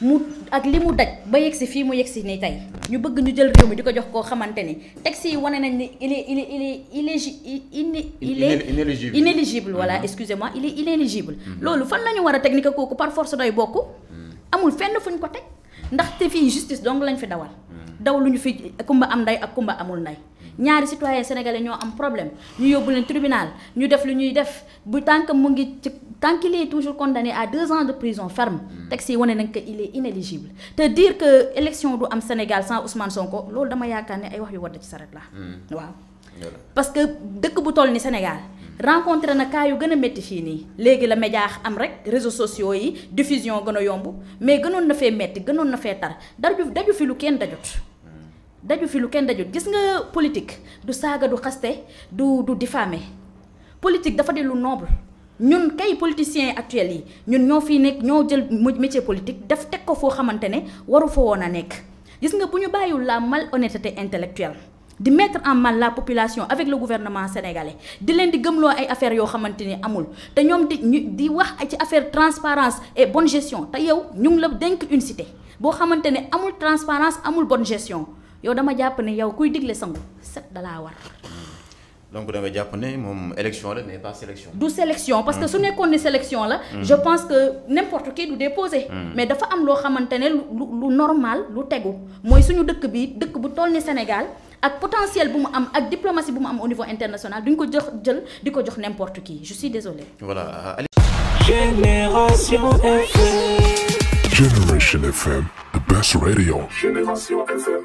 mu ak li mu daj ba yegsi fii mu yegsi ni tey ñu bëgg ñu jël réew mi di ko jox koo xamante ni texte yi wane nañ ni il est il est il est il est inéligible inéligible voilà mm-hmm. excusez-moi il est inéligible mm-hmm. loolu fan la ñu war a teg ni ko kooku par force doy bokk mm-hmm. amul fenn fu ñu ko teg ndaxte fii justice donc lañ fi dawal daw lu ñu fi kumba am nday ak kumba amul nday ñaari citoyen sénégalais ñoo am problème ñu yóbbu leen tribunal ñu def lu ñuy def bu tànk mu ngi ci tant qu'il est toujours condamné à deux ans de prison ferme taxi yi wane nañ que il est inéligible te dire que élection du am Sénégal sans Ousmane Sonko loolu dama yakane ay wax yu wad ci saret la hmm. waaw parce que deuk bu toll ni Sénégal rencontrer na kay yu gëna metti fi ni. Légui la média am rek réseaux sociaux yi diffusion gëna yomb mais gënon na fee metti, gënon na fee tar daju daju fi lu kenn dajut hmm. daju fi lu kenn dajut gis nga politique du saaga du xaste du du diffamer politique dafa di lu noble ñun kay politiciens actuels yi ñun ñoo fi nekk ñoo jël métier politique daf teg ko foo xamante ne waru fo wona nek gis nga buñu bayu la la malhonnêteté intellectuelle di mettre en mal la population avec le gouvernement sénégalais di len di gëmlo ay affaire yo xamante amul te ñom di di wax ci affaire transparence et bonne gestion te yow ñu la denk une cité bo xamante ne amul transparence amul bonne gestion yow dama japp ne yow kuy diglé sangu set la war donc da nga jàpp ne moom élection là mais pas sélection. d'où sélection parce que mm. su nekkoon une sélection mm. je pense que n'importe qui du déposer. Mm. mais dafa am lo xamante ne lu normal lu tegu mooy suñu dëkk bi dëkk bu toll ni Sénégal ak potentiel bu mu am ak diplomatie bu am au niveau international duñ ko jox jël di jox n'importe qui je suis désolé. voilà. Génération FM. Génération FM, the best radio. Génération FM.